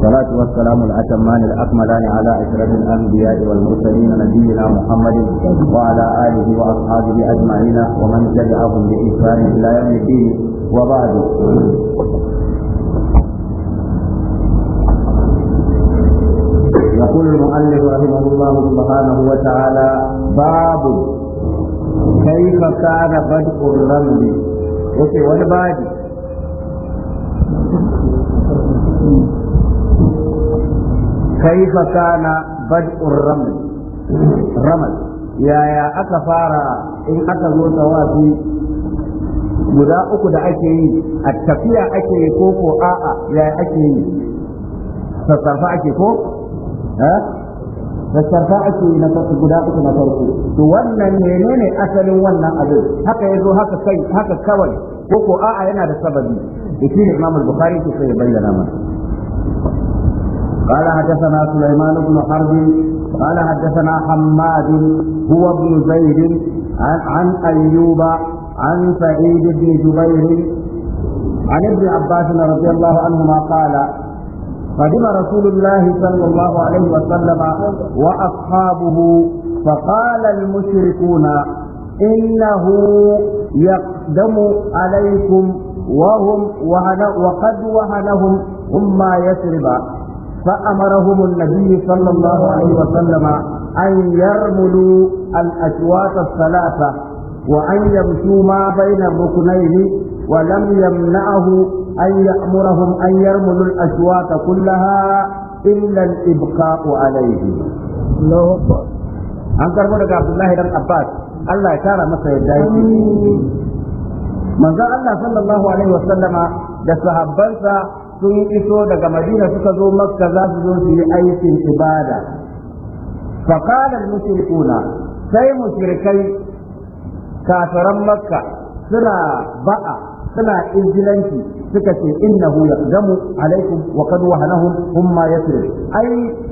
والصلاة والسلام الأتمان الأكملان على أشرف الأنبياء والمرسلين نبينا محمد وعلى آله وأصحابه أجمعين ومن تبعهم بإحسان إلى يوم الدين وبعد يقول المؤلف رحمه الله سبحانه وتعالى باب كيف كان بدء الرمل وفي والبادي كيف كان بدء الرمل رمل يا يا أكا فارا إن أكا زوتوافي guda uku da ake yi a tafiya ake yi ko ko a'a ya ake yi sassarfa ake ko sassarfa ake yi na farko guda uku na farko to wannan menene asalin wannan abin haka ya zo haka kai haka kawai ko ko a'a yana da sababi da shi ne Imam Bukhari ke sai bayyana mana قال حدثنا سليمان بن حرب قال حدثنا حماد هو ابن زيد عن, أيوب عن سعيد بن جبير عن ابن عباس رضي الله عنهما قال قدم رسول الله صلى الله عليه وسلم وأصحابه فقال المشركون إنه يقدم عليكم وهم وهن وقد وهنهم هم يسرب فأمرهم النبي صلى الله عليه وسلم أن يرملوا الأشواط الثلاثة وأن يمشوا ما بين الركنين ولم يمنعه أن يأمرهم أن يرملوا الأشواط كلها إلا الإبقاء عليه الله أكبر أنكر مدك عبد الله بن عباس الله يكرم مسا يدعي manzon Allah sallallahu alaihi wasallama da sahabbansa sun iso daga madina suka zo makka za su zo su yi aikin ibada فقال المشركون sai mushrikai kafiran makka suna ba'a suna injilanci suka ce innahu yaqdamu alaikum wa qad wahanahum humma yasrif ai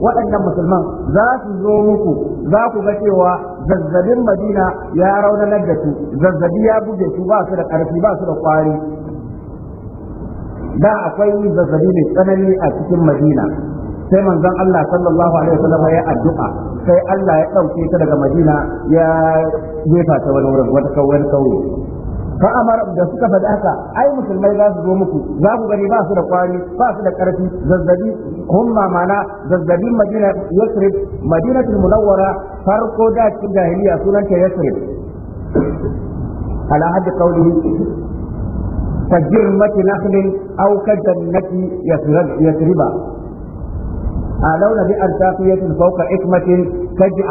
waɗannan musulman za su zo muku za ku ga cewa zazzabin madina ya raunanar da su zazzabi ya buge su ba su da ƙarfi ba su da ƙwari da akwai zazzabi mai tsanani a cikin madina sai manzon Allah sallallahu alaihi wasallam ya addu'a sai Allah ya dauke ta daga madina ya jefa ta wani wurin wata kawai kauye fa amara da suka faɗi haka ai musulmai za su zo muku za ku gani ba su da kwari ba su da ƙarfi zazzabi humma mana zazzabin madina yasrib madinatul munawwara farko da cikin jahiliya sunanta yasrib ala hadda qawlihi كجرمة نخل أو كجنة يثربا علون بأنطاقية فوق حكمة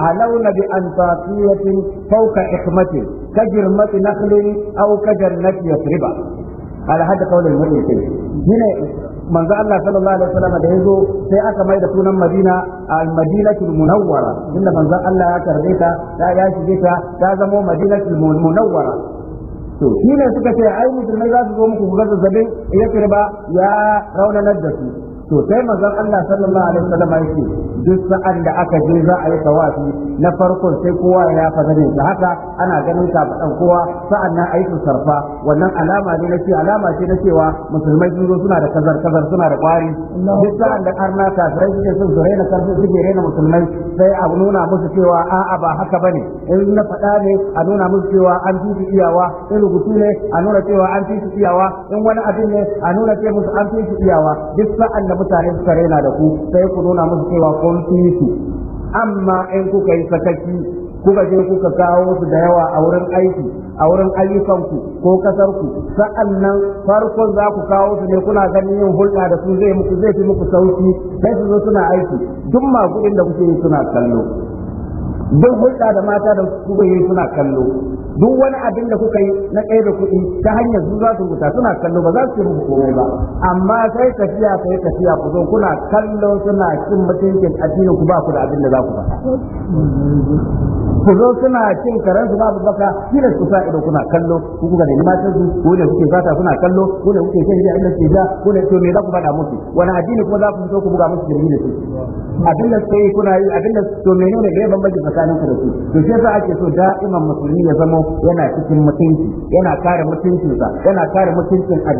علون بأنطاقية فوق حكمة كجرمة نخل أو كجنة يثربا على هذا قول المؤمنين هنا manzo Allah sallallahu alaihi wasallam da yazo sai aka mai da sunan Madina al-Madinatul Munawwara inda manzo Allah ya karbe ta ya shige ta ta zamo Madinatul Munawwara to shi ne suka ce ai musulmai za su zo muku ga zazzabin ya kirba ya raunanar da su to sai manzon Allah sallallahu alaihi wasallam yake duk sa'an da aka je za a yi tawafi na farkon sai kowa ya yafa ne, shi haka ana ganin ta dan kowa sa'an nan ayi sarfa wannan alama ne na ce alama ce na cewa musulmai sun zo suna da kazar kazar suna da kwari duk sa'an da ta sai suke son su raina karfi suke rena musulmai sai a nuna musu cewa a'a ba haka bane in na faɗa ne a nuna musu cewa an fi iyawa in rubutu ne a nuna cewa an fi iyawa in wani abin ne a nuna ce musu an fi iyawa duk sa'an mutane suka raina da ku sai ku nuna musu cewa kun fi su amma in kuka yi sakaki kuka je kuka kawo su da yawa a wurin aiki a wurin ayyukanku ko kasarku sa'an nan farkon za ku kawo su ne kuna ganin yin hulɗa da su zai muku zai fi muku sauki sai su zo suna aiki duk maguɗin da kuke yi suna kallo duk hulɗa da mata da kuka yi suna kallo duk wani abin da kuka yi na ɗaya da kuɗi ta hanyar su za su rubuta suna kallo ba za su rubuta komai ba amma sai tafiya sai tafiya ku zo kuna kallo suna cin mutuncin addinin ku ba ku da abin da za ku faɗa ku zo suna cin karansu babu baka kila su sa ido kuna kallo ku kuka nemi matan su ko ne kuke fata suna kallo ko ne kuke shan inda ke da ko ne to me za ku faɗa musu wani addini kuma za ku zo ku buga musu jirgi da su abin da sai kuna yi abin da to menene ne bambanci ku da su to sai yasa ake so da'iman musulmi ya zama yana cikin mutunci yana kare mutuncinsa yana kare mutuncin sa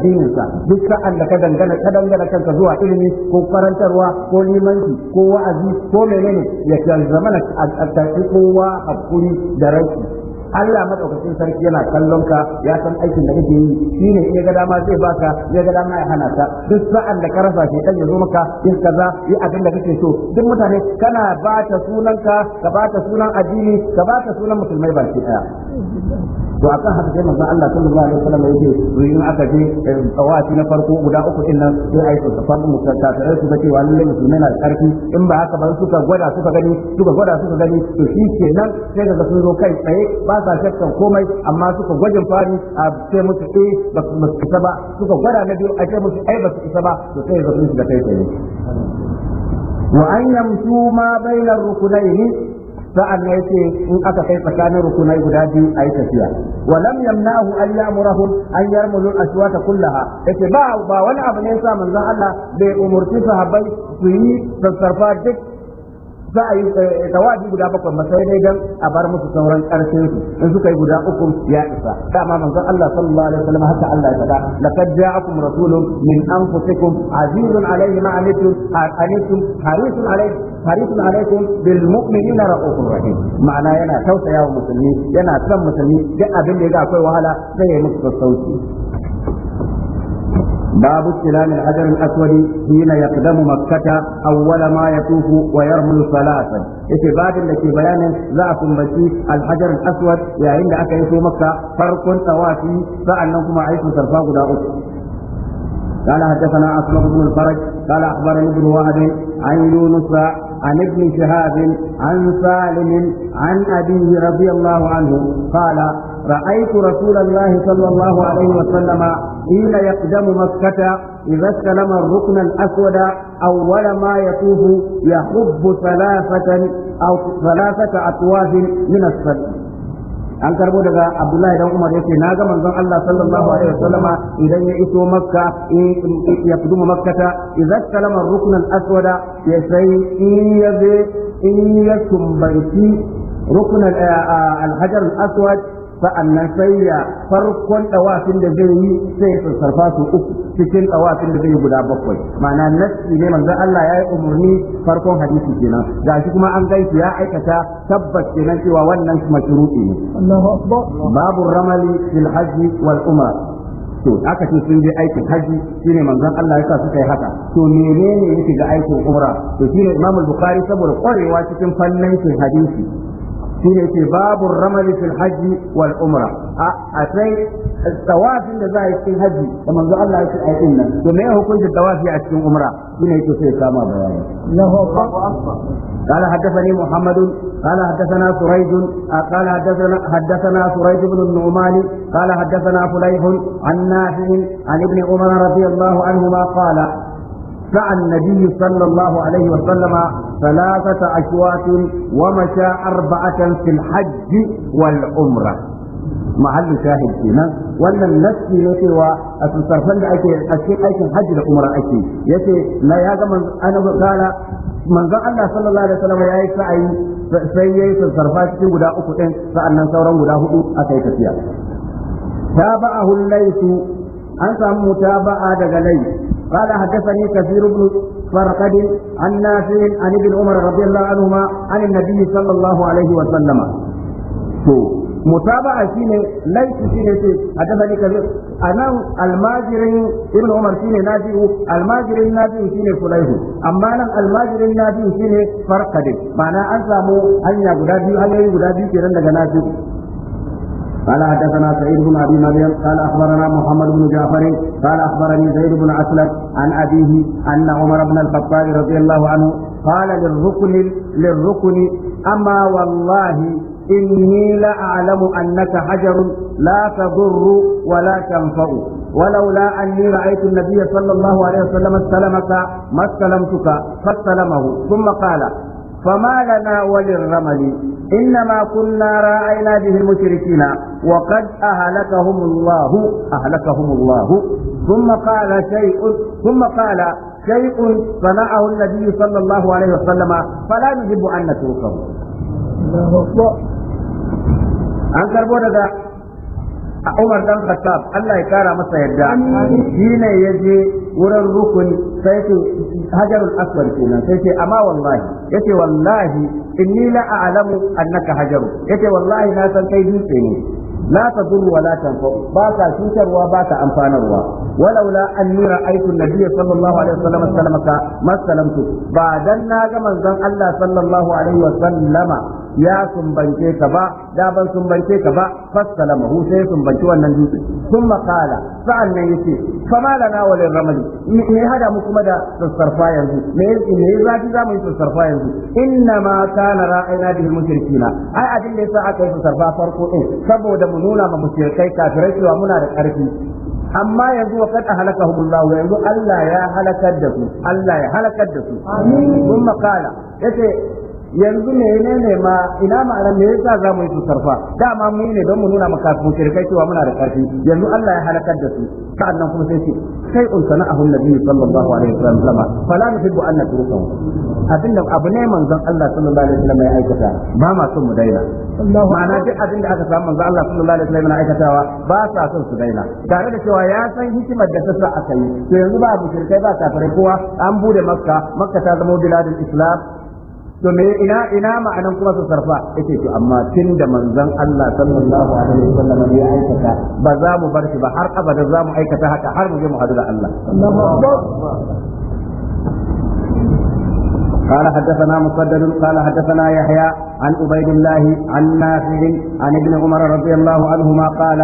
duk sa'an da ka dangana ka dangana kanka zuwa ilimi ko karantarwa ko limanci ko wa'azi ko menene ya mana a kowa a kuri da rashi Allah madaukakin sarki yana kallon ka ya san aikin da kake yi shine in ya ga dama zai baka ya ga dama ya hana ka duk sa'an da ka rasa shi dan ya zo maka in kaza yi abin da kake so duk mutane kana ba ta sunan ka ka ba ta sunan addini ka ba ta sunan musulmai baki daya to akan haka sai manzon Allah sallallahu alaihi wasallam yake ruyin aka je eh, tsawaci na farko guda uku din nan sai ai su tafi mu tattare su ga cewa lalle musulmai na karfi in ba haka ba suka gwada suka gani suka gwada suka gani to shi kenan sai daga sun zo kai tsaye ba sa shakkan komai amma suka gwajin fari a sai musu eh ba su isa ba suka gwada na biyu a ce musu ai eh, ba su isa ba to sai ga sun shiga kai tsaye wa an yamsu ma bainar rukunaini sa'an ya ce in aka kai tsakanin rukunai guda biyu a yi tafiya wa lam yamnahu an ya'murahu an yarmulu aswata kullaha yace ba ba wani abu ne yasa manzon Allah bai umurci sahabbai su yi sassarfa duk za a yi tawafi eh, guda bakwai masai dai don a bar musu sauran karfin su in suka yi guda uku ya isa dama manzon Allah sallallahu alaihi wasallam haka Allah ya faɗa laqad ja'akum rasulun min anfusikum azizun alaihi ma anittum anitum harisun alaihi harisun alaikum bil mu'minina ra'ufur rahim ma'ana yana tausaya wa musulmi yana san musulmi duk abin da ya ga akwai wahala sai ya musu sauki باب استلام الحجر الاسود حين يقدم مكة اول ما يطوف ويرمل ثلاثا yake babin da ke bayanin za a kumbaci alhajar aswad yayin da aka yi so maka farkon tawafi sa'annan kuma a yi sarfa guda uku قال حدثنا أسماء بن الفرج قال أخبرني ابن وهب عن يونس عن ابن شهاب عن سالم عن أبيه رضي الله عنه قال رأيت رسول الله صلى الله عليه وسلم حين يقدم مكة إذا استلم الركن الأسود أول ما يطوف يحب ثلاثة أو ثلاثة أطواف من السلم an karbo daga abdullahi dan umar yace na ga manzon Allah sallallahu alaihi wasallama idan ya iso makka ya fuduma makkata idza kalama rukn al aswada ya sai in yabe in ya tumbanci rukn al hajar al aswad sa'annan sai ya farkon dawafin da zai yi sai ya sarfa su uku cikin dawafin da zai yi guda bakwai ma'ana nasi ne manzo Allah ya yi umarni farkon hadisi kenan gashi kuma an gaisu ya aikata tabbas kenan cewa wannan mashru'i ne Allahu akbar babu ramali fil hajji wal umra to aka ce sun je aikin haji shine manzon Allah yasa suka yi haka to menene yake ga aikin umra to shine Imam Bukhari saboda kwarewa cikin fannin hadisi shine yake babu ramali fil haji wal umra a sai tawafin da za a yi cikin haji da manzo Allah ya ce a cikin nan to me hukuncin tawafi a cikin umra shine yake sai kama bayani Allahu akbar قال حدثني محمد قال حدثنا سريج قال حدثنا حدثنا سريج بن النعمان قال حدثنا فليح عن نافع عن ابن عمر رضي الله عنهما قال سعى النبي صلى الله عليه وسلم ثلاثة أشواط ومشى أربعة في الحج والعمرة محل شاهد kenan wannan nassi ne cewa a sassarfan da ake a cikin aikin hajji da umra ake yace na ya ga annabi kala manzon Allah sallallahu alaihi wasallam yayi sa'i sai yayi sassarfa cikin guda uku sa'an nan sauran guda hudu aka yi tafiya tabahu laysu an samu mutaba'a daga laysu قال حدثني كثير بن فرقد عن نافع عن ابن عمر رضي الله عنهما عن النبي صلى الله عليه وسلم متابعة شيني ليس شيني شيء حدثني كثير أنا الماجرين ابن عمر شيني نافع الماجرين نافع شيني فليه أما أنا الماجرين نافع شيني فرقد معناه أن سامو أن يغدابي أن يغدابي كيرن لغنافع قال حدثنا سعيد بن ابي مريم قال اخبرنا محمد بن جعفر قال اخبرني زيد بن اسلم عن ابيه ان عمر بن الخطاب رضي الله عنه قال للركن للركن اما والله إني لأعلم أنك حجر لا تضر ولا تنفع ولولا أني رأيت النبي صلى الله عليه وسلم استلمك ما استلمتك فاستلمه ثم قال فما لنا وللرمل إنما كنا راعينا به المشركين وقد أهلكهم الله أهلكهم الله ثم قال شيء ثم قال شيء صنعه النبي صلى الله عليه وسلم فلا يجب أن نتركه الله أكبر an karbo daga a Umar dan Khattab Allah ya kara masa yadda ya yaje wurin rukuni sai ce hajarul aswad kenan sai ce amma wallahi yace wallahi inni la a'lamu annaka hajaru yace wallahi na san kai dutse ne la tadur wa la tanfa ba ka cutarwa ba ka amfanarwa walaula anni ra'aytu an-nabiy sallallahu alaihi wasallam sallama ma ba dan na ga manzon Allah sallallahu alaihi wasallama ya sumbance ka ba da ban sumbance ka ba fassalama hu sai sumbanci wannan dutse sun makala sa'an nan yace fa lana walin ramali me hada mu kuma da sassarfa yanzu me me zafi mu yi sassarfa yanzu inna ma kana ra'ayina bil mushrikina ai abin da yasa aka yi sassarfa farko din saboda mu nuna ma mushrikai kafirai cewa muna da karfi amma yanzu wakad ahlakahumullahu yanzu Allah ya halakar da su Allah ya halakar da su amin kuma kala yace yanzu menene ma ina ma'ana me yasa za mu yi tutar fa dama mu ne don mu nuna maka mu shirkai cewa muna da kafi yanzu Allah ya halakar da su sa'annan kuma sai ce sai un sana'ahu nabi sallallahu alaihi wasallam fala nuhibbu an Abin da abu ne manzon Allah sallallahu alaihi wasallam ya aikata ba ma son mu daina ma'ana duk abin da aka samu manzon Allah sallallahu alaihi wasallam ya aikatawa ba sa son su daina tare da cewa ya san hikimar da ta sa aka yi to yanzu ba mu shirkai ba kafirai kowa an bude makka makka ta zama biladul islam to me ina ina ma'anan kuma su sarfa yace to amma tun da manzon Allah sallallahu alaihi wasallam ya aikata ba za mu bar shi ba har abada za mu aikata haka har mu je mu hadu da Allah قال حدثنا مسدد قال حدثنا يحيى عن عبيد الله عن نافع عن ابن عمر رضي الله عنهما قال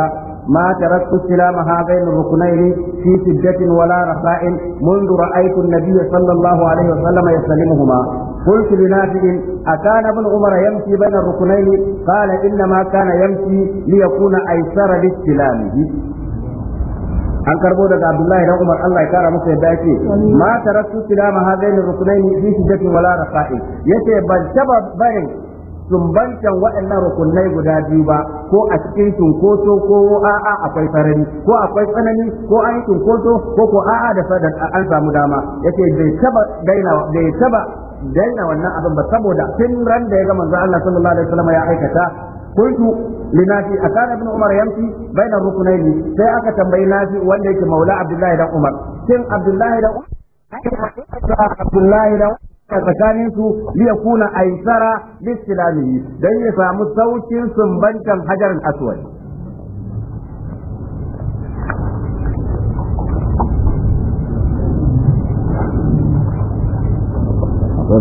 ما تركت استلام هذين الركنين في شدة ولا رخاء منذ رأيت النبي صلى الله عليه وسلم يسلمهما قلت لنافع أكان ابن عمر يمشي بين الركنين قال إنما كان يمشي ليكون أيسر لاستلامه an karbo daga Abdullahi dan Umar Allah ya kara masa yadda yake ma taraktu silama hadaini rukunaini fi shiddatin wala rafa'i yace ban taba barin sumbancan waɗannan rukunai guda biyu ba ko a cikin cunkoso ko a'a akwai sarari ko akwai tsanani ko an yi cunkoso ko ko a'a da sadar an samu dama yace bai taba daina bai taba daina wannan abin ba saboda tun ran da ya ga manzo Allah sallallahu alaihi wasallam ya aikata kuntu linafi akan ibn umar yamsi bainar rukunaini sai aka tambayi nafi wanda yake maula abdullahi dan umar tun abdullahi dan umar abdullahi dan a tsakanin su liya kuna aisara bisilamihi dan ya samu saukin sumbantan hajarin aswad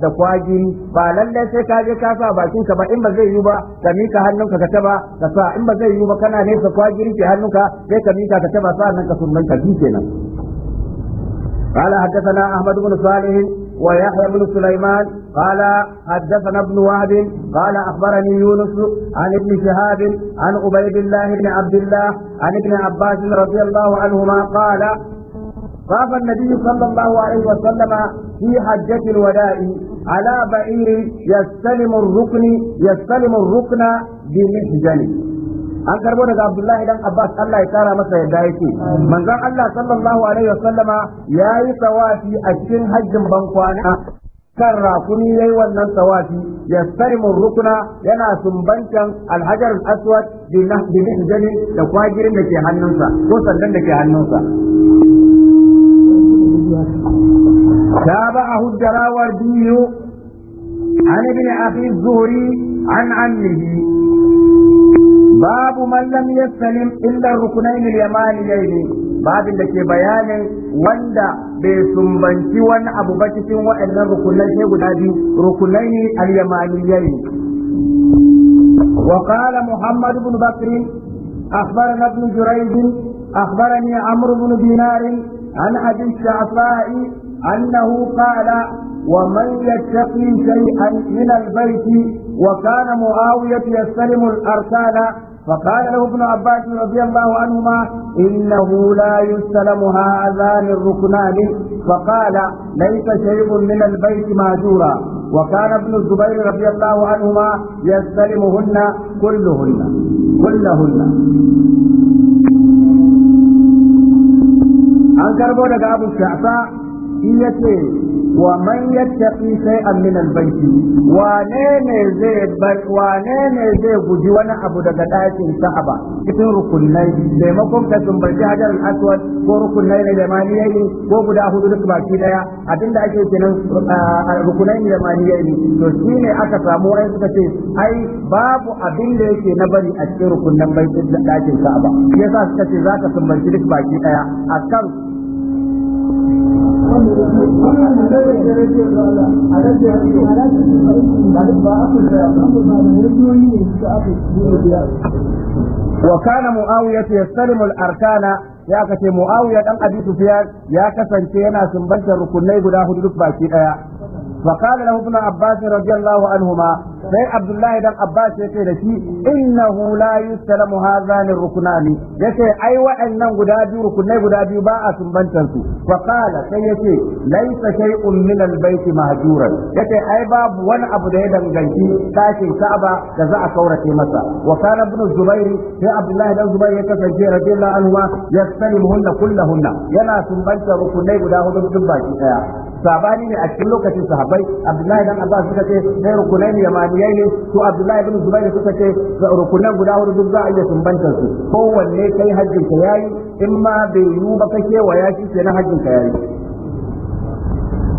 da kwagiri ba lallai sai ka je ka sa bakin ka ba in ba zai yi ba ka mika hannunka ka taba ka sa in ba zai yi ba kana nesa kwagiri ke hannunka sai ka mika ka taba sa nan ka sunan ka ji kenan قال حدثنا احمد بن صالح ويحيى بن سليمان قال حدثنا ابن وهب قال اخبرني يونس عن ابن شهاب عن عبيد الله بن عبد الله عن ابن عباس رضي الله عنهما قال طاف النبي صلى الله عليه وسلم في حجة الوداع على بعير يستلم الركن يستلم الركن بمحجن an karbo daga Abdullahi dan Abbas Allah ya kara masa yadda yake manzon Allah sallallahu alaihi wasallama yayi tawafi a cikin hajjin bankwana kan rakuni yayi wannan tawafi ya sarimu rukuna yana sumbantan alhajar aswad bi nahbi da kwagirin da ke hannunsa ko sandan da ke hannunsa تابعه الدراوردي عن ابن أخي الزهري عن عمه Babu من لم يستلم إلا الركنين اليمانيين babin da ke bayanin wanda bai sumbanci wani abu ba cikin waɗannan rukunai sai guda biyu rukunai ne al-yamaniyai wa qala muhammad ibn bakr akhbarana ibn jurayj akhbarani amr ibn dinar عن أبي الشعفاء أنه قال ومن يتقي شيئا من البيت وكان معاوية يستلم الأرسال فقال له ابن عباس رضي الله عنهما إنه لا يستلم هذان الركنان فقال ليس شيء من البيت ماجورا وكان ابن الزبير رضي الله عنهما يستلمهن كلهن كلهن an karbo daga abu sha'fa in yace wa man yattaqi shay'an min al-bayt wa ne zai bar wa ne zai guji wani abu daga dakin sahaba cikin rukunai da makon ka bar hajar al-aswad ko rukunai ne yayi ko guda hudu duk baki daya abinda ake kenan rukunai ne yayi to shine aka samu ai suka ce ai babu abin da yake na bari a cikin rukunan baitin dakin sahaba yasa suka ce zaka tumbarci duk baki daya akan وكان معاوية يستلم الأركان ya kace Muawiya dan Abi Sufyan ya kasance yana sumbantar rukunai guda hudu duk baki daya fa qala lahu ibn Abbas radiyallahu anhuma sai abdullahi dan abbas ce da shi innahu la yusalamu hadhani rukunani yace ai waɗannan guda biyu rukunai guda biyu ba a sumbantar su fa qala sai yace laysa shay'un min albayt mahjuran yace ai babu wani abu da ya danganci tashin ka'aba da za a kaurace masa wa kana ibn zubair sai abdullahi dan zubair ya kasance radiyallahu anhu yastalimuhunna kullahunna yana sumbantar rukunai guda hudu duk baki daya sabani ne a cikin lokacin sahabbai abdullahi dan abbas suka ce sai rukunai ne yamani uyayni su abdullahi ibn zubair suka ce rukunan guda hudu duk za a iya sumbanta su kowanne kai hajjin ka yayi in ma bai yiwu ba ka kewaya shi kenan hajjin ka yayi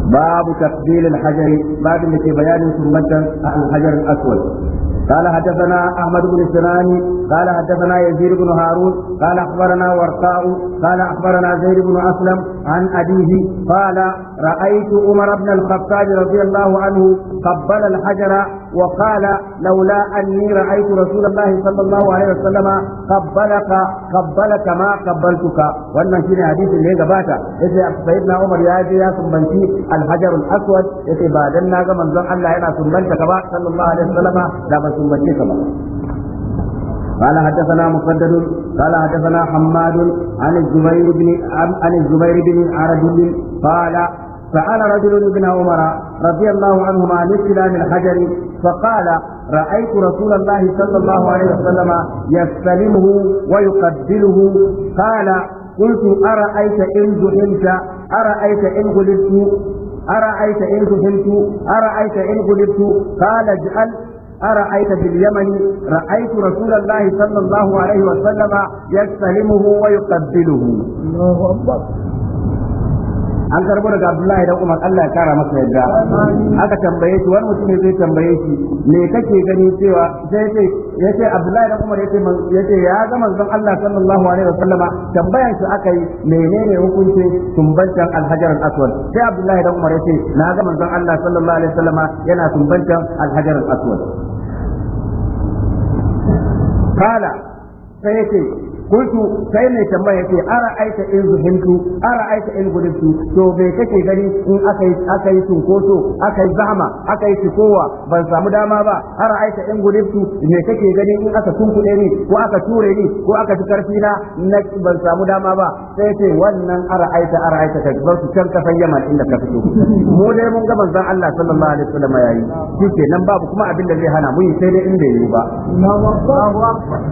باب تقبيل الحجر باب في بيان سنة الحجر الأسود قال حدثنا احمد بن سنان قال حدثنا يزيد بن هارون قال اخبرنا ورقاء قال اخبرنا زيد بن اسلم عن ابيه قال رايت عمر بن الخطاب رضي الله عنه قبل الحجر وقال لولا أني رأيت رسول الله صلى الله عليه وسلم قبلك قبلك كما قبلتك وأن شيني حديث اللي قباتا سيدنا عمر يا يا سنبنتي الحجر الأسود يتي بعدنا من ذو الله أنا سنبنتك صلى الله عليه وسلم لا من سنبنتك قال حدثنا مسدد قال حدثنا حماد عن الزبير بن عن الزبير بن عرج قال فعلى رجل ابن عمر رضي الله عنهما عن استلام الحجر فقال رأيت رسول الله صلى الله عليه وسلم يستلمه ويقبله قال قلت أرأيت إن ذهلت أرأيت إن غلبت أرأيت إن ذهلت أرأيت إن غلبت قال اجعل أرأيت في اليمن رأيت رسول الله صلى الله عليه وسلم يستلمه ويقبله الله أكبر an karbo daga Abdullahi dan Umar Allah ya kara masa yadda aka tambaye shi wani mutum zai tambaye shi me kake gani cewa sai yace yace Abdullahi dan Umar yace yace ya ga manzon Allah sallallahu alaihi wasallama tambayan shi aka yi menene hukuncin tumbantan alhajar al-aswad sai Abdullahi dan Umar yace na ga manzon Allah sallallahu alaihi wasallama yana tumbantan alhajar al-aswad kala sai yace kuntu sai mai tambaya ce ara aita in zuhintu ara aita in guduntu to bai kake gani in aka yi cunkoso aka yi zahama aka yi cikowa ban samu dama ba ara aita in guduntu me kake gani in aka tunkuɗe ni ko aka ture ni ko aka ci karfi na ban samu dama ba sai ce wannan ara aita ara aita ka bar su can kasan yaman inda ka fito mu dai mun ga manzon Allah sallallahu alaihi wasallam yayi shike nan babu kuma abin da zai hana mu sai dai inda yayi ba Allahu akbar Allahu akbar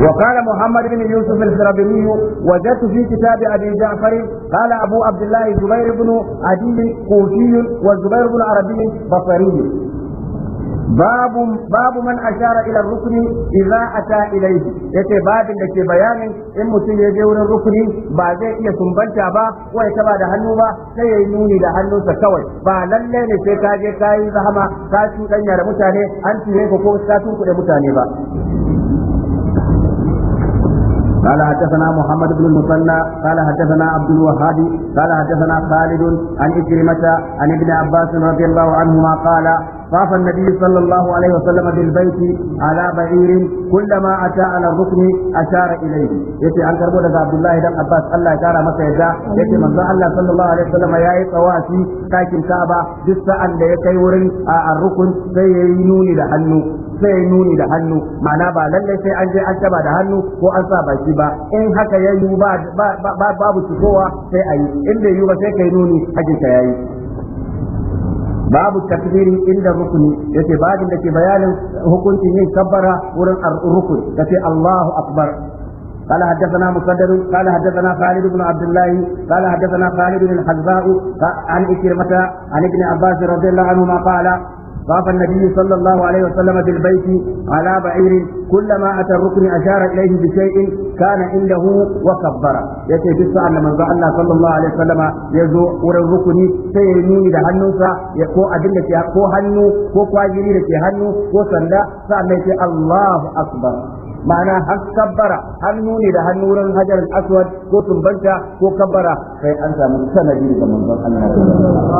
وقال محمد بن يوسف الفرابري وجدت في كتاب ابي جعفر قال ابو عبد الله زبير بن عدي كوفي وزبير بن عربي بصري باب باب من اشار الى الركن اذا اتى اليه yace babin da ke bayanin in mutum ya je wurin rukuni ba zai iya sumbanta ba ko ya taba da hannu ba sai ya yi nuni da hannunsa kawai ba lallai ne sai ka je ka rahama zahama ka cuɗanya da mutane an tuye ka ko ka tunkuɗe mutane ba قال حدثنا محمد بن المثنى قال حدثنا عبد الوهاب قال حدثنا خالد عن إكرمة عن ابن عباس رضي الله عنهما قال طاف النبي صلى الله عليه وسلم بالبيت على بعير كلما اتى على الركن اشار اليه yace an karbo daga Abdullahi dan Abbas Allah ya kara masa yadda ce manzo Allah sallallahu alaihi wasallam yayi tsawafi dakin Ka'aba duk sa'an da ya kai wurin a rukun sai yi nuni da hannu sai nuni da hannu ma'ana ba lallai sai an je an taba da hannu ko an sa baki ba in haka ya yi ba babu cikowa sai a yi in bai yi ba sai kai nuni aji ka yayi babu takbiri inda rukuni yace babin da ke bayanin hukuncin yin kabbara wurin rukun yace Allahu akbar قال حدثنا مسدد قال حدثنا خالد بن عبد الله قال حدثنا خالد بن الحذاء عن إكرمة عن ابن عباس رضي الله عنهما قال طاف النبي صلى الله عليه وسلم بالبيت على بعير كلما أتى الركن أشار إليه بشيء كان عنده وكبر يتي جسا أن من الله صلى الله عليه وسلم يزو ور الركن سيرني ده هنوسا يكو أدلة يكو هنو كو كواجري ده هنو وسندا سألنا الله أكبر ma'ana har kabbara hannu ne da hannu hajar aswad ko tumbanta ko kabbara sai an samu sanadi daga manzon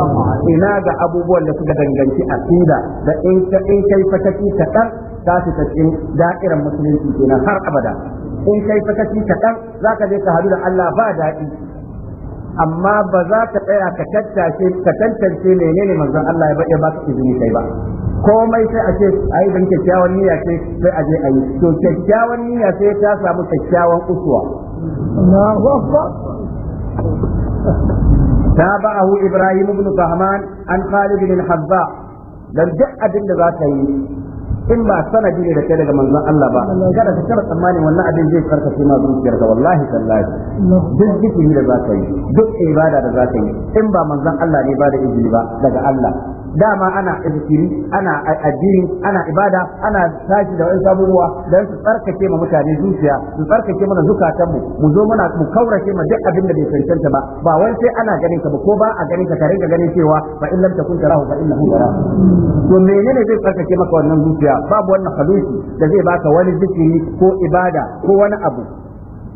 Allah ina ga abubuwan da suka danganci aqida da in ka in kai fataki ka dan ta cikin da'irar musulunci kenan har abada in kai fataki ka dan zaka je ka hadu da Allah ba daɗi amma ba za ka tsaya ka tattace ka tantance menene manzon Allah ya bada baka izini kai ba komai sai a ce ai dan kyakkyawan niyya sai sai a je ayi to kyakkyawan niyya sai ta samu kyakkyawan uswa Allahu akbar تابعه إبراهيم بن فهمان عن خالد بن حباء dan duk abin da za ka yi in ba sanadi ne da kai daga manzon Allah ba kada ka taba tsammani wannan abin zai karkace ma zuciyar ka wallahi tallahi duk zikiri da zaka yi duk ibada da zaka yi in ba manzon Allah ne ba da izini ba daga Allah dama ana zikiri ana addini ana ibada ana tashi da wani abubuwa dan su tsarkake ma mutane zuciya su tsarkake mana zukatan mu mu zo muna mu kaurace ma duk abin da bai cancanta ba ba wai sai ana ganin ka ba ko ba a ganin ka kare ka ganin cewa fa in lam takun tarahu fa innahu yarahu to menene zai tsarkake maka wannan zuciya babu wannan haluki da zai baka wani zikiri ko ibada ko wani abu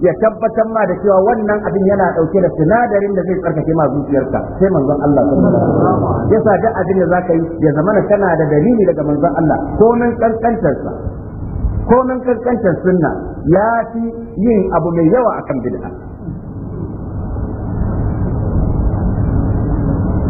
ya tabbatar ma da cewa wannan abin yana dauke da sinadarin da zai tsarkake ma zuciyarka sai manzon Allah sallallahu alaihi wasallam yasa duk abin da zaka yi ya zamana kana da dalili daga manzon Allah komin kankantarsa komin kankantar sunna ya fi yin abu mai yawa akan bid'a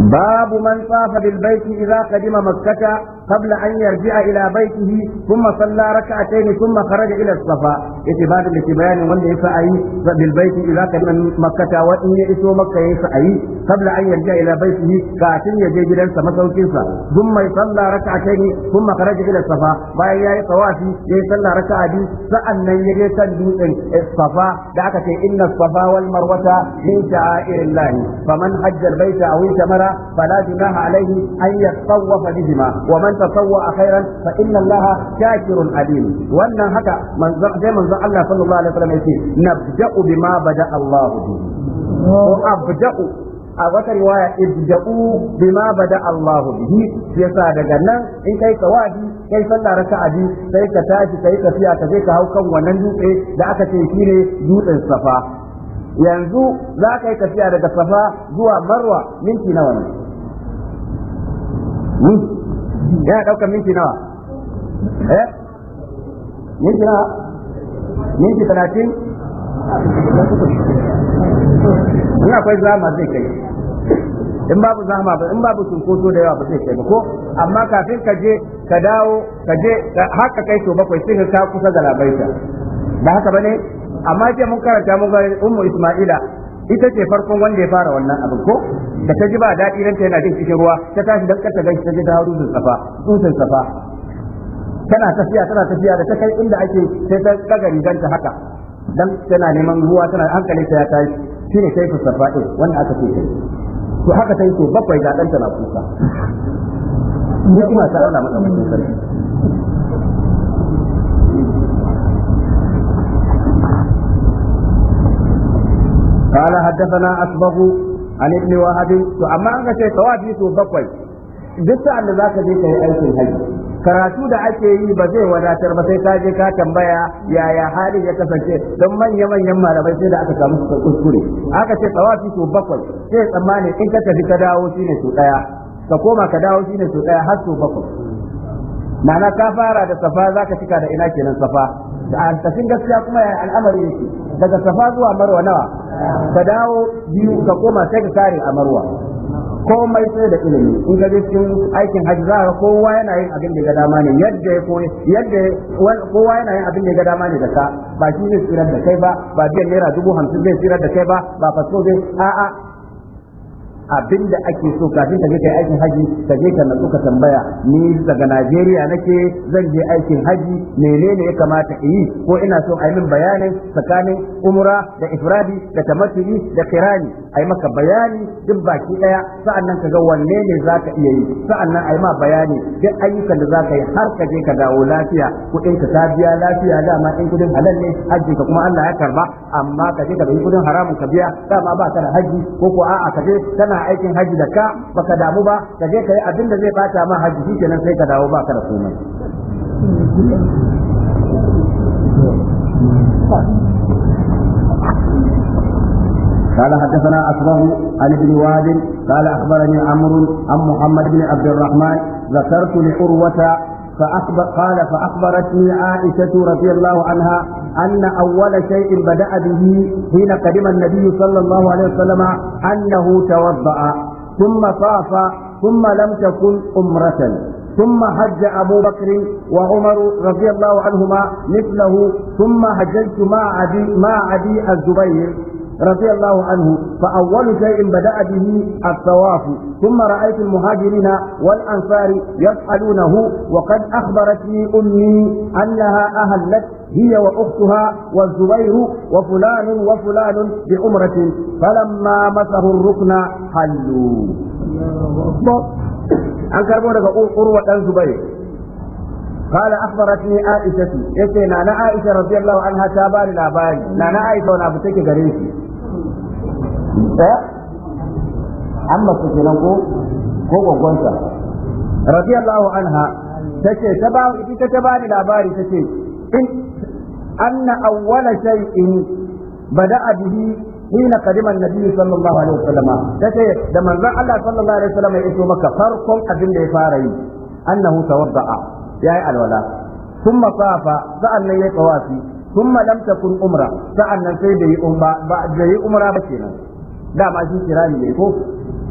Babu man safa bil بالبيت idza qadima makkata? قبل أن يرجع إلى بيته ثم صلى ركعتين ثم خرج إلى الصفا اتباع لتبيان وان يفعي بالبيت إذا كان من مكة وإن يئسوا مكة يفعي قبل أن يرجع إلى بيته كاتن يجي جلسة مسوكيسة ثم يصلى ركعتين ثم خرج إلى الصفا باي يا طوافي يصلى ركعة دي سألنا يجي تنبي الصفا دعك إن الصفا والمروة من شعائر الله فمن حج البيت أو اعتمر فلا جناح عليه أن يتطوف بهما ومن yatasawwa khairan fa inna allaha shakirun alim wannan haka manzon sai manzon Allah sallallahu alaihi wasallam yace nabda'u bima bada Allah ko abda'u a wata riwaya ibda'u bima bada Allah bihi yasa daga nan in kai kawadi kai sallah raka'a biyu sai ka tashi kai tafiya ka je ka hau kan wannan dutse da aka ce shine dutsen safa yanzu za ka yi tafiya daga safa zuwa marwa minti nawa ne yana daukar minti nawa eh minti nawa minti talatin in akwai zama zai kai in babu zama ba in babu cunkoso da yawa ba zai kai ba ko amma kafin ka je ka dawo ka je haka kai to bakwai sai ka kusa ga labaita ba haka bane amma ke mun karanta mun ga ummu isma'ila ita ce farkon wanda ya fara wannan abin ko da ta ji ba daɗi ranta yana jin cikin ruwa ta tashi da ta ganshi ta ji ta haru tsafa tsutsun safa tana tafiya tana tafiya da ta kai inda ake sai ta daga riganta haka dan tana neman ruwa tana hankali ta ya tashi shine kai tsafa din wanda aka ce kai to haka ta yi to bakwai ga ɗanta na kusa hikima ta Allah madaukakin sarki قال حدثنا أصبغ عن ابن وهب to amma an ga sai tawafi so bakwai duk sanda za ka je yi aikin karatu da ake yi ba zai wadatar ba sai ka je ka tambaya yaya hali ya kasance don manya manyan malamai sai da aka samu su kuskure aka ce tsawafi so bakwai sai tsammani in ka tafi ka dawo shine su daya ka koma ka dawo shine su daya har su bakwai ma'ana ka fara da safa zaka cika da ina kenan safa Da tafin gaskiya kuma ya al'amari yake daga safa zuwa marwa nawa ka dawo biyu ka koma sai ka kare a marwa komai sai da ilimi in ka cikin aikin hajji za ka kowa yana yin abin da ga dama ne yadda ya koyi yadda kowa yana yin abin da ga dama ne da ka ba shi zai tsirar da kai ba ba biyan naira dubu hamsin zai tsirar da kai ba ba faso zai a'a abinda ake so kafin ka je kai aikin haji ka je ka natsu ka tambaya ni daga Najeriya nake zan je aikin haji menene ya kamata in yi ko ina so a yi min bayanin tsakanin umra da ifradi da tamattu'i da kirani a yi maka bayani duk baki daya sa'annan ka ga wanne ne zaka iya yi sa'annan a yi ma bayani duk ayyukan da zaka yi har ka je ka dawo lafiya kuɗin ka ta biya lafiya dama in kudin halal ne haji ka kuma Allah ya karba amma ka je ka da kudin haramun ka biya dama ba ka da haji ko ko a'a ka je kana aikin haji da ka baka damu ba ka je ka yi abin da zai bata ma haji shi kenan sai ka dawo baka da komai قال حدثنا أصبه عن ابن واد قال أخبرني عمرو عن محمد بن عبد الرحمن ذكرت لعروة فأخبر قال فأخبرتني عائشة رضي الله عنها أن أول شيء بدأ به حين قدم النبي صلى الله عليه وسلم أنه توضأ ثم طاف ثم لم تكن أمرة ثم حج أبو بكر وعمر رضي الله عنهما مثله ثم حججت مع عدي مع عدي الزبير رضي الله عنه فأول شيء بدأ به الطواف ثم رأيت المهاجرين والأنصار يفعلونه وقد أخبرتني أمي أنها أهلت هي وأختها والزبير وفلان وفلان بعمرة فلما مسه الركن حلوا an karbo daga urwa dan zubair قال اخبرتني عائشه yace nana aisha radiyallahu anha ta bani labari nana aisha wani abu take gare shi Eh? amma su kenan ko ko gwagwansa radiyallahu anha ta ce ta ba ita ta ba ni labari ta ce in anna awwala shay'in bada'a bihi hina qadima an-nabiy sallallahu alaihi ta ce da manzon Allah sallallahu alaihi wasallam ya iso maka farkon abin da ya fara yi annahu tawadda'a yayi alwala thumma safa sa'an yayi tawafi thumma lam takun umra sa'an sai bai umra ba bai umra ba kenan dama shi kirani ne ko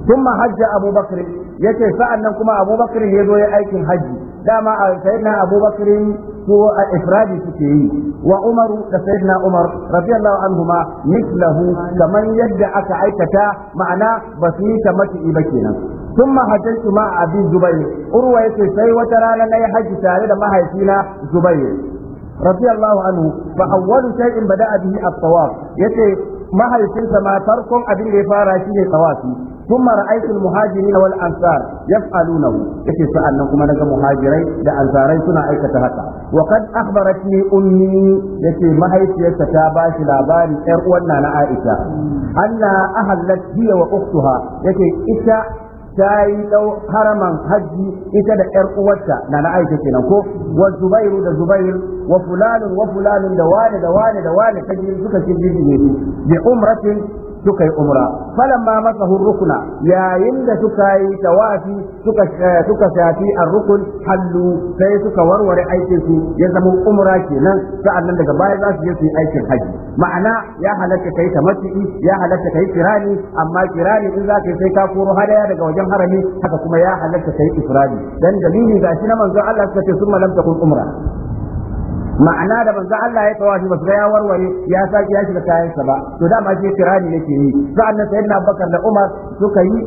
kuma hajja Abu Bakr yace sa'an nan kuma Abu ya zo ya aikin haji dama a sayyidina Abu Bakr a ifradi suke yi wa Umaru da sayyidina Umar radiyallahu anhuma mislahu kamar yadda aka aikata ma'ana ba su yi tamati ba kenan ثم حججت مع أبي زبير أروى يتسي وترانا لا يحج تارد ما هيتينا زبير رضي الله عنه فأول شيء a به الطواف يتي mahaifinsa ma farkon abin da ya fara shi ne tsawafi sun mara aikin muhajiri wal ansar ya falu na mu ya ce sa'an nan kuma daga muhajirai da ansarai suna aikata haka wa kan akbara ni unni ya ce mahaifiyarsa ta ba shi labari yar uwan na aisha anna ahallat biya wa uktuha ya ce ita ta yi dau haraman hajji ita da 'yar uwarta na na aisha kenan ko wa zubairu da zubair wa fulanun wa fulanun da wani da wani da wani kaji suka ce jirgi ne bi umratin suka yi umra ma masa rukuna yayin da suka yi tawafi suka eh, suka shafi ar-rukun hallu sai suka warware aikin su ya zama umra kenan nan daga baya za su je su yi aikin haji ma'ana ya halatta kai tamattu'i ya halatta kai kirani amma kirani in za ka sai ka koro hadaya daga wajen harami haka kuma ya halatta kai ifradi dan dalili gashi na manzon Allah suka ce summa lam takun umra ma'ana da manzo Allah ya tawafi ba ga ya warware ya saki ya shiga kayansa ba to dama shi kirani yake yi sa'annan sayyidina Abubakar da Umar suka yi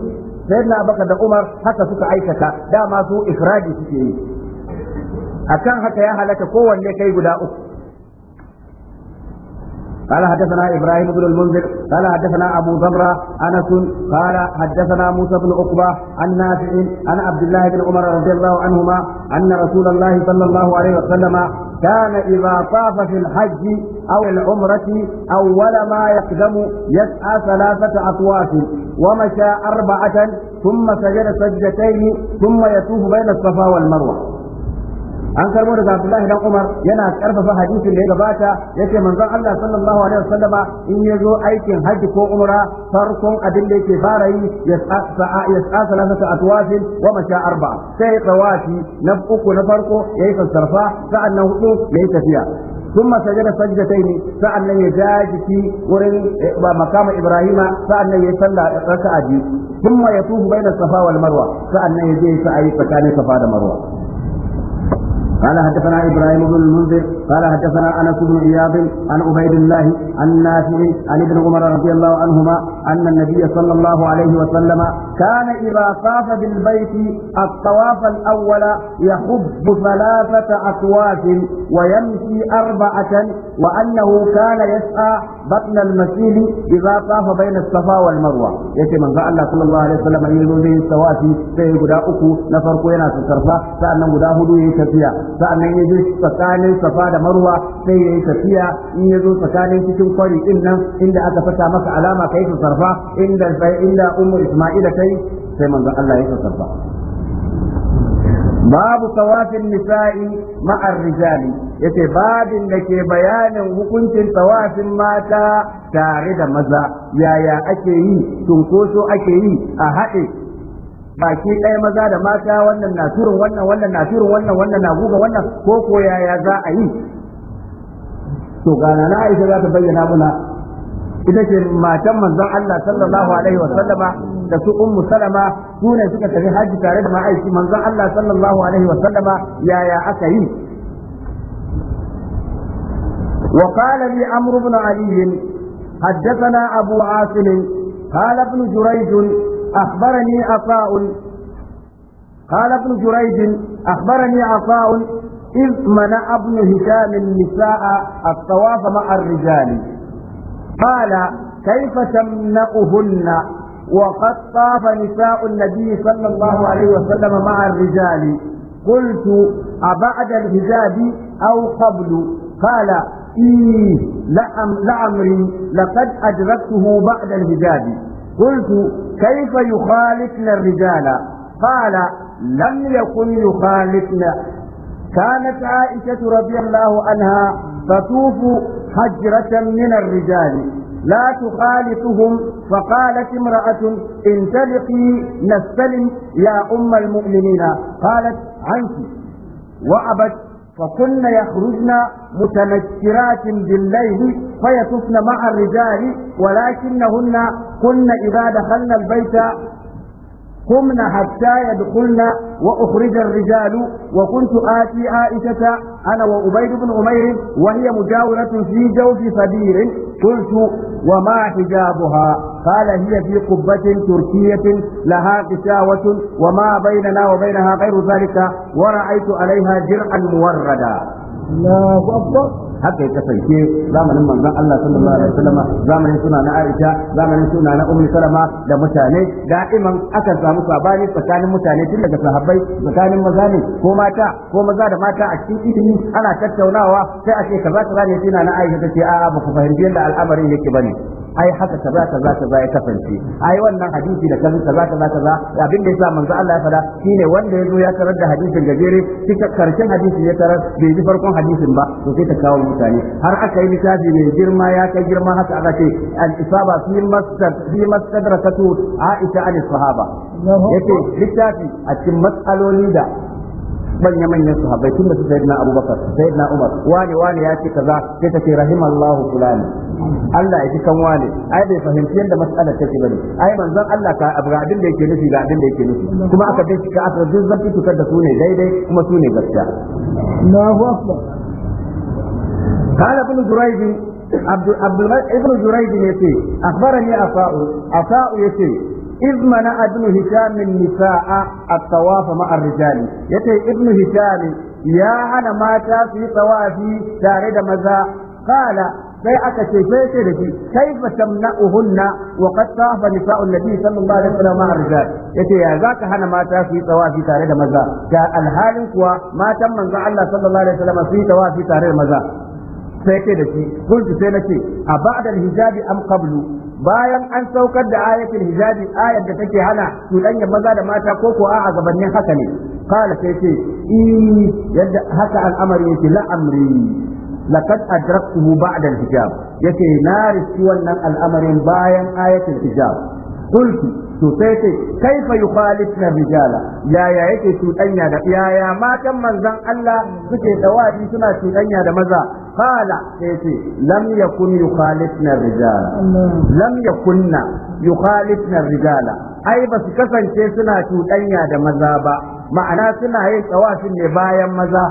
sayyidina Abubakar da Umar haka suka aikata dama su ifradi suke yi akan haka ya halaka kowanne kai guda uku قال حدثنا ابراهيم بن المنذر قال حدثنا ابو زمره انس قال حدثنا موسى بن عقبه عن نافع عن عبد الله بن عمر رضي الله عنهما ان رسول الله صلى الله عليه وسلم كان اذا طاف في الحج او العمره اول ما يقدم يسعى ثلاثه اطواف ومشى اربعه ثم سجد سجدتين ثم يطوف بين الصفا والمروه an karbo da Abdullahi dan Umar yana karfafa hadisin da ya gabata yace manzon Allah sallallahu alaihi wasallama in ya zo aikin hajji ko umra farkon abin da yake fara yi ya yas'a salasata atwafin wa masha arba sai tawafi na uku na farko yayi sassarfa sa'annan hudu yayi tafiya ثم سجد سجدتين سأل لي جاجتي ورن مقام إبراهيم سأل لي يصلى ركعة ثم يطوف بين الصفا والمروة سأل لي ayi tsakanin safa da marwa. قال حدثنا ابراهيم بن المنذر قال حدثنا انس بن اياض عن عبيد الله عن نافع عن ابن عمر رضي الله عنهما ان النبي صلى الله عليه وسلم كان إذا طاف بالبيت الطواف الأول يخب ثلاثة أطواف ويمشي أربعة وأنه كان يسعى بطن المسيل إذا طاف بين الصفا والمروة يتي من قال الله صلى الله عليه وسلم يلو زي السواتي سي غدا أكو نفر كوينا سكرفا سأنا غدا هدو يكفيا سأنا يجي سكاني صفا دا مروة سي يكفيا إن يزو سكاني سكين قري إن إن أكفتا مك علامة كيف صرفا إن إن أم إسماعيل كي kai sai manzon Allah ya sassarfa babu tawafin nisa'i ma'ar rijali yace babin da ke bayanin hukuncin tawafin mata tare da maza yaya ake yi tunkoso ake yi a haɗe baki ɗaya maza da mata wannan na turin wannan wannan na turin wannan wannan na guga wannan ko ko yaya za a yi to gana na aisha za ta bayyana muna ita ce matan manzon Allah sallallahu alaihi wa sallama da su ummu salama su ne suka tafi haji tare da ma'aiki manzon Allah sallallahu alaihi wa sallama yaya aka yi wa وقال لي عمرو بن علي حدثنا أبو عاصم قال ابن جريج أخبرني عطاء قال ابن جريج أخبرني عطاء إذ منع ابن هشام النساء الطواف مع الرجال قال كيف تمنعهن وقد طاف نساء النبي صلى الله عليه وسلم مع الرجال قلت أبعد الحجاب أو قبل قال إيه لأم لعمري لقد أدركته بعد الحجاب قلت كيف يخالفن الرجال قال لم يكن يخالفن كانت عائشة رضي الله عنها فتوفوا حجرة من الرجال لا تخالطهم فقالت امرأة انطلقي نستلم يا أم المؤمنين قالت عنك وأبت فكن يخرجن متنكرات بالليل فيطفن مع الرجال ولكنهن كن إذا دخلن البيت قمن حتى يدخلن وأخرج الرجال وكنت آتي عائشة أنا وأبيد بن عمير وهي مجاورة في جوف صدير قلت وما حجابها قال هي في قبة تركية لها قساوة وما بيننا وبينها غير ذلك ورأيت عليها درعا موردا Allahu akbar haka ya kasance zamanin manzon Allah sallallahu alaihi wasallam zamanin suna na Aisha zamanin suna na Ummu Salama da mutane da'iman akan samu sabani tsakanin mutane tun daga sahabbai tsakanin maza ne ko mata ko maza da mata a cikin ilimi ana tattaunawa sai a ce kaza kaza ne suna na Aisha ce a'a ba ku fahimci yadda al'amarin yake ne. ai haka kaza kaza kaza ya kasance ai wannan hadisi da kaza kaza kaza kaza abin da yasa manzo Allah ya fada shine wanda ya zo ya karar da hadisin gajere kika karshen hadisin ya karar bai ji farkon hadisin ba to sai ta kawo mutane har aka yi littafi mai girma ya kai girma haka aka ce al isaba fi masdar fi masdar Aisha al sahaba yake littafi a cikin matsaloli da manya manyan sahabbai tun da su sayyidina abubakar sayyidina umar wani wani ya ce kaza sai ta ce rahimallahu fulani Allah ya ji kan wani ai bai fahimci yadda mas'alar take bane ai manzon Allah ka abu abin da yake nufi ga abin da yake nufi kuma aka bi ka aka zuzzafi tukar da su ne daidai kuma su ne gaskiya Allahu akbar قال ابن جريج عبد عبد ابن جريج يتي اخبرني عطاء عطاء يتي إذ منع ابن هشام النساء الطواف مع الرجال يتي ابن هشام يا هنا ماتا في طوافي تارد مزا قال sai aka ce sai ce da shi kai fa tamna'uhunna wa qad tafa nisa'u nabi sallallahu alaihi wasallam ma rijal yace ya zaka hana mata su yi tawafi tare da maza ga alhalin kuwa matan manzo Allah sallallahu alaihi wasallam su yi tawafi tare da maza sai ce da shi kullu sai nace a ba'da hijabi am qablu bayan an saukar da ayatul hijabi ayar da take hana cuɗanya maza da mata ko ko a gabanin haka ne qala sai ce in yadda haka al'amari yake la amri laqad adraktuhu ba'da al-hijab yace na riski wannan al'amarin bayan ayatul hijab kulki sosai sai ce kai fa yukhalif na bijala yake su danya da ya matan manzan Allah suke da suna su da maza fala sai ce lam yakun yukhalif na bijala lam yakunna yukhalif na bijala ai ba su kasance suna su da maza ba ma'ana suna yin tawafin ne bayan maza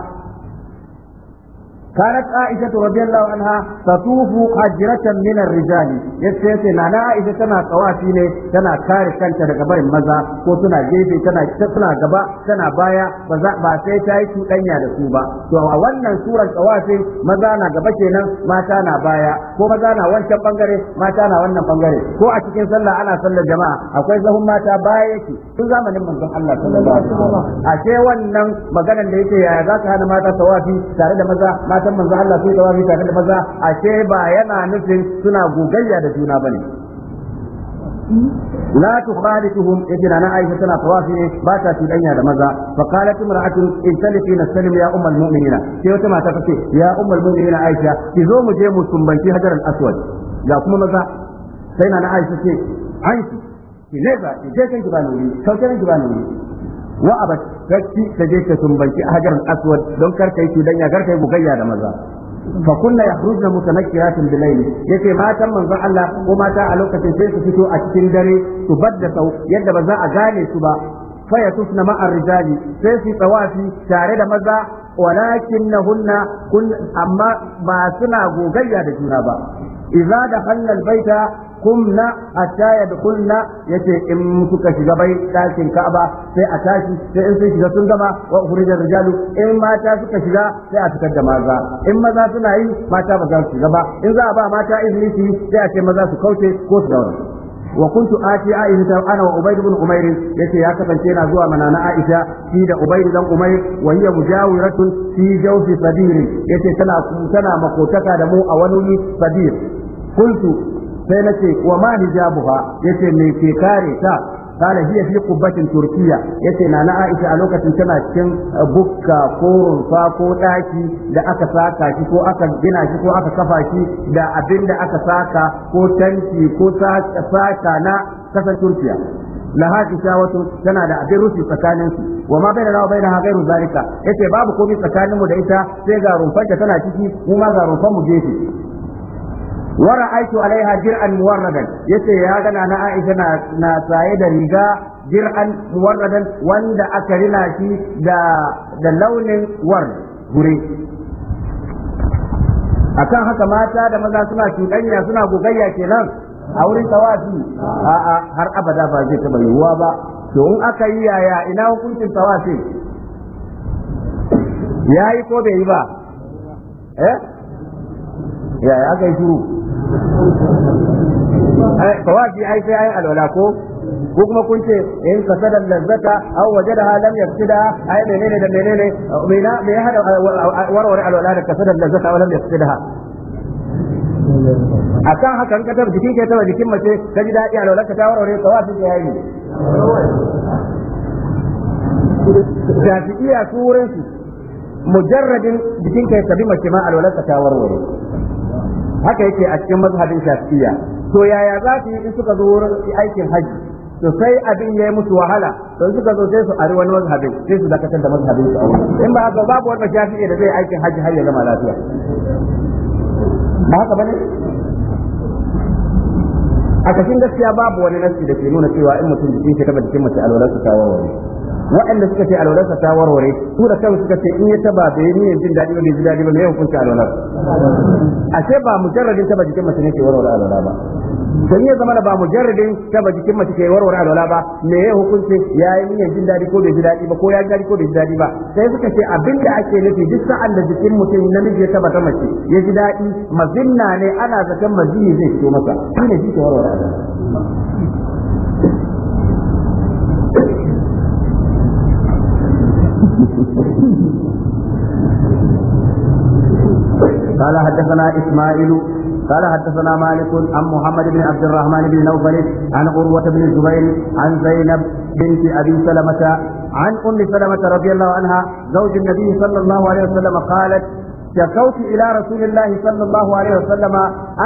aisha كانت عائشة رضي الله عنها تطوف حجرة من الرجال يتسيسي نانا عائشة تنا قواتيني تنا كاري كانت لقبر مزا وتنا جيبي تنا تنا قبا تنا بايا فزا باسي تاي تنيا لسوبا وانا سورة قواتي مزا نا قبشينا ما تانا بايا ko maza na wancan bangare mata na wannan bangare ko a cikin sallah ana sallar jama'a akwai zahun mata baya yake tun zamanin manzon Allah sallallahu alaihi wasallam a ce wannan maganar da yake yaya za ka hana mata tsawafi tare da maza mata matan manzo Allah sun tawafi tare da maza ashe ba yana nufin suna gogayya da juna bane لا تخالفهم إذن أنا عائشة سنة طوافي باتا في الأنيا لمزا فقالت امرأة انسلفي نستلم يا أم المؤمنين كيف تما تفتي يا أم المؤمنين عائشة تزوم جيم سنبنتي هجر الأسود يا كما مزا سينا أنا عائشة سي عائشة ki zai ba ki je kan ki ba nuni kauce kan ki ba nuni wa abat kacci ta je ka a hajar aswad don kar yi shi danya kar mu gayya da maza fa kunna yakhrujna mutanakkiyatin bil layl yace matan manzon Allah ko mata a lokacin sai su fito a cikin dare su badda sau yadda ba za a gane su ba fa ma ma'ar rijali sai su tsawafi tare da maza amma ba suna gogayya da juna ba. Iza da hanyar baita. kumna a taya da kunna ya ce in suka shiga bai ɗakin ka'aba sai a tashi sai in sun shiga sun gama wa hurijar rijalu in mata suka shiga sai a fitar da maza in maza suna yi mata ba za su shiga ba in za a ba mata izini su sai a ce maza su kauce ko su daura wa kuntu ati aisha ana wa ubayd ibn umayr yace ya kasance na zuwa manana aisha shi da ubayd dan umayr wa hiya mujawiratun fi jawfi sadir yace tana tana makotaka da mu a wani sadir sai na ce wa ma hijabu ba ya ce mai ke kare ta kala hiya fi kubbatin turkiya ya ce na na aisha a lokacin tana cikin eh, bukka ko rumfa ko daki da aka saka shi ko aka gina shi ko aka kafa shi da abin da aka saka ko tanki ko saka na kasar turkiya la haji shawatu tana da abin rufi tsakanin su wa ma rawa wa bayna ghairu zalika yace babu komai tsakanin mu da ita sai ga rumfar ta tana ciki mu ma ga rumfar mu gefe wara aiki alaiha jir'an muwarradan yace ya gana na Aisha na na saye da riga jir'an muwarradan wanda aka rina shi da da launin war gure akan haka mata da maza suna cuɗanya suna gogayya kenan a wurin tawafi a'a har abada ba zai taɓa yiwuwa ba to in aka yi yaya ina hukuncin tawafi ya yi ko bai yi ba eh yaya aka yi shiru fawaki eh, ai sai ai alwala ko ko kuma kun ce in kasada lazzata aw wajadaha lam yafsida ai menene da menene ne, me ya hada warware alwala da kasada lazzata aw lam yafsidaha akan haka in ka jikin ke tabbata jikin mace ka ji dadi alwala ka ta warware fawaki sai ai iya su wurin su mujarradin jikin ka ya tabi mace ma alwala ka ta warware haka yake a cikin mazhabin shafi'iyya to yaya za su yi in suka zo wurin aikin haji to sai abin ya yi musu wahala to suka zo sai su ari wani mazhabin sai su dakatar da mazhabin su a in ba haka babu wani shafi'i da zai aikin haji har ya zama lafiya ba haka bane a cikin gaskiya babu wani nasi da ke nuna cewa in mutum jikin shi kaba jikin mace alwala su kawo wani waɗanda suka ce alwalarsa ta warware su da kansu suka ce in ya taba bai yi jin daɗi ba bai ji daɗi ba me hukunci alwalar ashe ba mujarradin taba jikin mace ne ke warware alwala ba dan ya zama da ba mujarradin taba jikin mace ke warware alwala ba me ya hukunci ya yi niyyar jin daɗi ko bai ji daɗi ba ko ya ji daɗi ko bai ji daɗi ba sai suka ce abin da ake nufi duk sa'an da jikin mutum namiji ya taba ta mace ya ji daɗi mazinna ne ana zaton mazini zai fito masa shine shi ke warware alwala حدثنا إسماعيل قال حدثنا مالك عن محمد بن عبد الرحمن بن نوفل عن عروة بن الزبير عن زينب بنت أبي سلمة عن أم سلمة رضي الله عنها زوج النبي صلى الله عليه وسلم قالت شكوت إلى رسول الله صلى الله عليه وسلم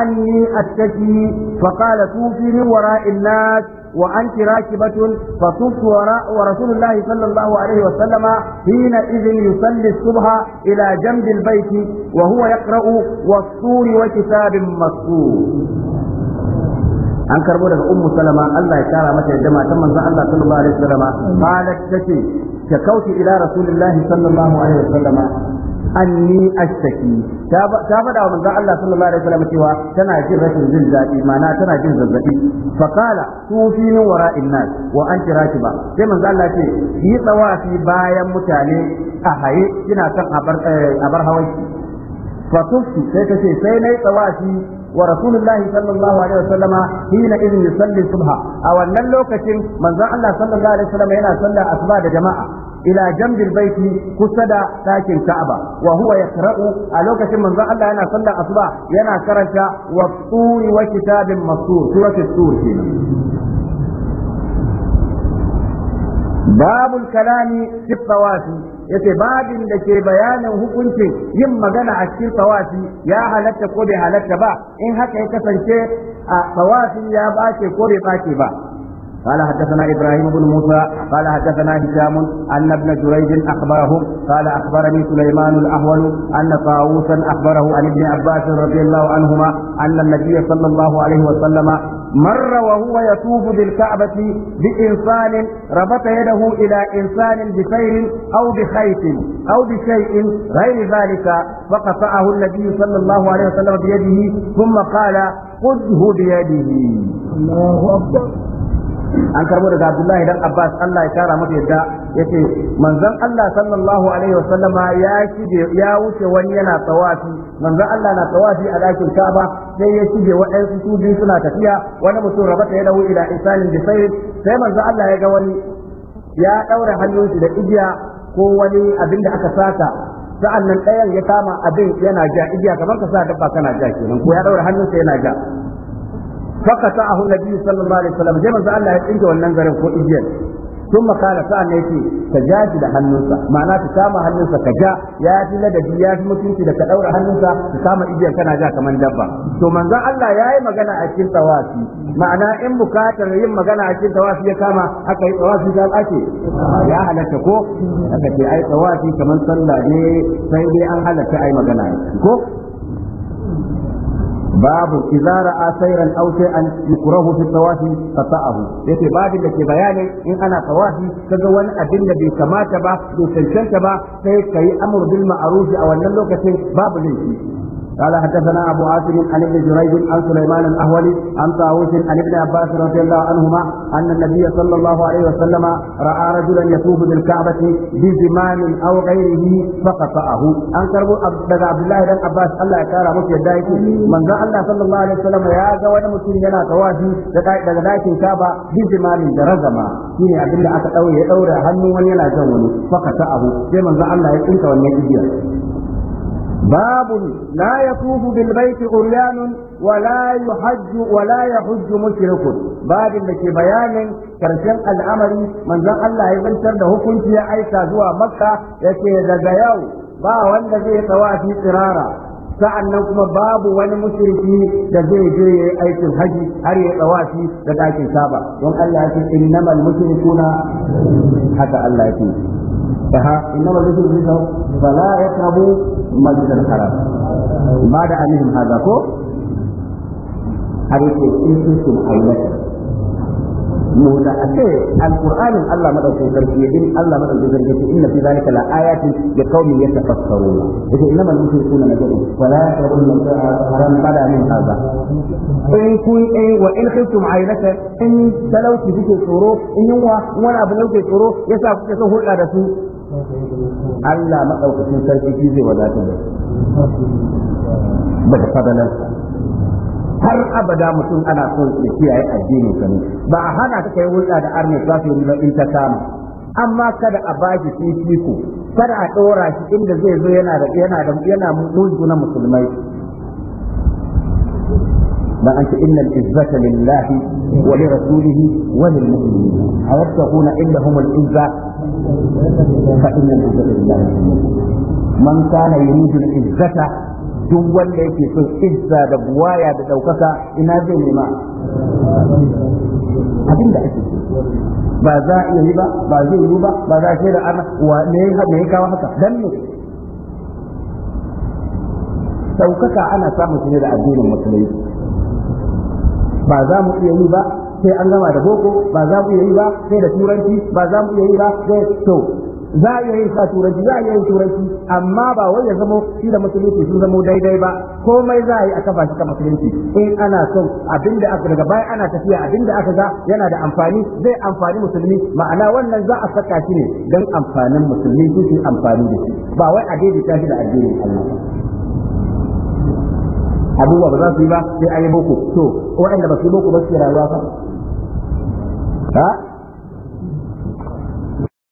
أني أتكي فقال توفي من وراء الناس وأنت راكبة فصفت وراء ورسول الله صلى الله عليه وسلم حينئذ يصلي الصبح إلى جنب البيت وهو يقرأ والسور وكتاب مسطور an karbo daga ummu salama Allah ya kara mata yadda matan manzon Allah sallallahu alaihi wasallam qalat tace ka kauce ila rasulillahi sallallahu alaihi wasallama anni ashtaki ta faɗa wa manzon Allah sallallahu alaihi wasallam cewa tana jin rashin jin daɗi ma'ana tana jin zazzabi fa qala fi min wara'in nas wa anti rakiba sai manzon Allah ce yi tsawafi bayan mutane a haye kina kan abar eh, abar hawai fa tufti sai kace sai nayi tsawafi ورسول الله صلى الله عليه وسلم حين إذ يصلي الصبح أو أن اللوكة من الله صلى الله عليه yana sallar asuba da jama'a. ila jambil baiti kusa da dakin Ka'aba wa huwa a lokacin manzon Allah yana sallar asuba yana karanta wa turi wa kitabin masur suratul tur kenan babul kalami fi tawafi yace babin da ke bayanin hukuncin yin magana a cikin tawafi ya halatta ko bai halatta ba in haka ya kasance a tawafi ya bace ko bai bace ba قال حدثنا ابراهيم بن موسى قال حدثنا هشام ان ابن جريج اخبره قال اخبرني سليمان الاهول ان طاووسا اخبره عن ابن عباس رضي الله عنهما ان النبي صلى الله عليه وسلم مر وهو يطوف بالكعبة بإنسان ربط يده إلى إنسان بخير أو بخيط أو بشيء غير ذلك فقطعه النبي صلى الله عليه وسلم بيده ثم قال خذه بيده الله أكبر an karbo daga Abdullahi dan Abbas Allah ya kara masa yadda yace manzon Allah sallallahu alaihi wasallama ya shige ya wuce wani yana tawafi manzon Allah na tawafi a dakin Kaaba sai ya shige waɗansu su biyu suna tafiya wani mutum rabata ya dawo ila isalin da sai sai manzon Allah ya ga wani ya daura hannunsa da igiya ko wani abin da aka saka sa'an nan ɗayan ya kama abin yana ja igiya kamar ka sa dabba kana ja kenan ko ya daura hannunsa yana ja فقطعه النبي صلى الله عليه وسلم جمع الله يتنجى والنظر ko igiyar Tun قال sa'an ne yake ka ja shi da hannunsa ma'ana ka kama hannunsa ka ja ya fi ladabi ya fi mutunci da ka daura hannunsa ka kama igiyar kana ja kamar dabba to manzon Allah ya yi magana a cikin tawafi ma'ana in bukatar yin magana a cikin tawafi ya kama aka yi tawafi da ake ya halatta ko aka ce ai tawafi kamar sallah ne sai dai an halatta ai magana ko babu idza ra'a sayran aw shay'an yukrahu fi tawafi qata'ahu yace babin da ke bayanin in ana tawafi kaga wani abin da bai kamata ba bai cancanta ba sai kai amr bil ma'ruf a wannan lokacin babu laifi قال حدثنا ابو عاصم عن ابن جريج عن سليمان الاهولي عن طاووس عن ابن عباس رضي الله عنهما ان النبي صلى الله عليه وسلم راى رجلا يطوف بالكعبه بزمام او غيره فقطعه ان كربو عبد الله بن عباس الله يكرمه في الدايك من ذا الله صلى الله عليه وسلم يا ga wani mutum yana tawafi daga dakin kaba bizimamin da razama shine abin da aka daure ya daura hannu wani yana jan wani fakata abu sai manzo Allah ya tsinka wannan igiya باب لا يطوف بالبيت عريان ولا يحج ولا يحج مشرك باب لكي بيان كرشن الامر من ذا الله يبنتر ده كنت يا ايكا زوا مكه يكي دغياو با wanda zai tawafi tsirara sa'an kuma babu wani mushriki da zai je yi aikin haji har ya tsawafi da ɗakin saba don Allah ya ce innamal mushrikuna haka Allah ya ce فها انما الرجل منه فلا يقربوا مسجد الحرام بعد انهم هذا كو حديث ان كنتم حيلتكم mu da ake alqur'anin Allah madaukakin sarki in Allah madaukakin sarki ce inna fi zalika la ayatin li qaumin yatafakkaruna yace inna man yushrikuna najatu wa la yaqulun haram bada min hadha in kun in wa in khiftum aynaka in talawti kuke tsoro in yunwa wani abu ne kuke tsoro yasa kuke son hulɗa da su Allah madaukakin sarki zai wadatar da su daga fadalar har abada mutum ana son ya kiyaye addinin sa ne ba a hana ka kai hulɗa da arne kafiri ba in ta kama amma kada a baki fifiko kada a ɗora shi inda zai zo yana da yana da yana na musulmai ba an ce innal izzata lillahi wa li rasulihi wa lil mu'minin ayabtaquna indahum al izza fa innal izzata lillahi man kana yuridu al izzata duk wanda yake so izza da buwaya da daukaka ina zai nema abin da ake ba za a yi ba ba zai yi ba ba za a shaida ana wa ne ne kawo haka dan ne daukaka ana samun shi ne da addinin musulmi ba za mu iya yi ba sai an gama da boko ba za mu iya yi ba sai da turanci ba za mu iya yi ba sai to za a iya yin sa turanci za a yi yin turanci amma ba wai ya zamo shi da musulunci sun zamo daidai ba komai za a yi a kafa shi ka musulunci in ana son da aka daga baya ana tafiya abin da aka ga yana da amfani zai amfani musulmi ma'ana wannan za a saka shi ne don amfanin musulmi su su amfani da shi ba wai a daidaita shi da addinin Allah abubuwa ba za su yi ba sai an yi boko to waɗanda ba su yi boko ba su yi rayuwa ba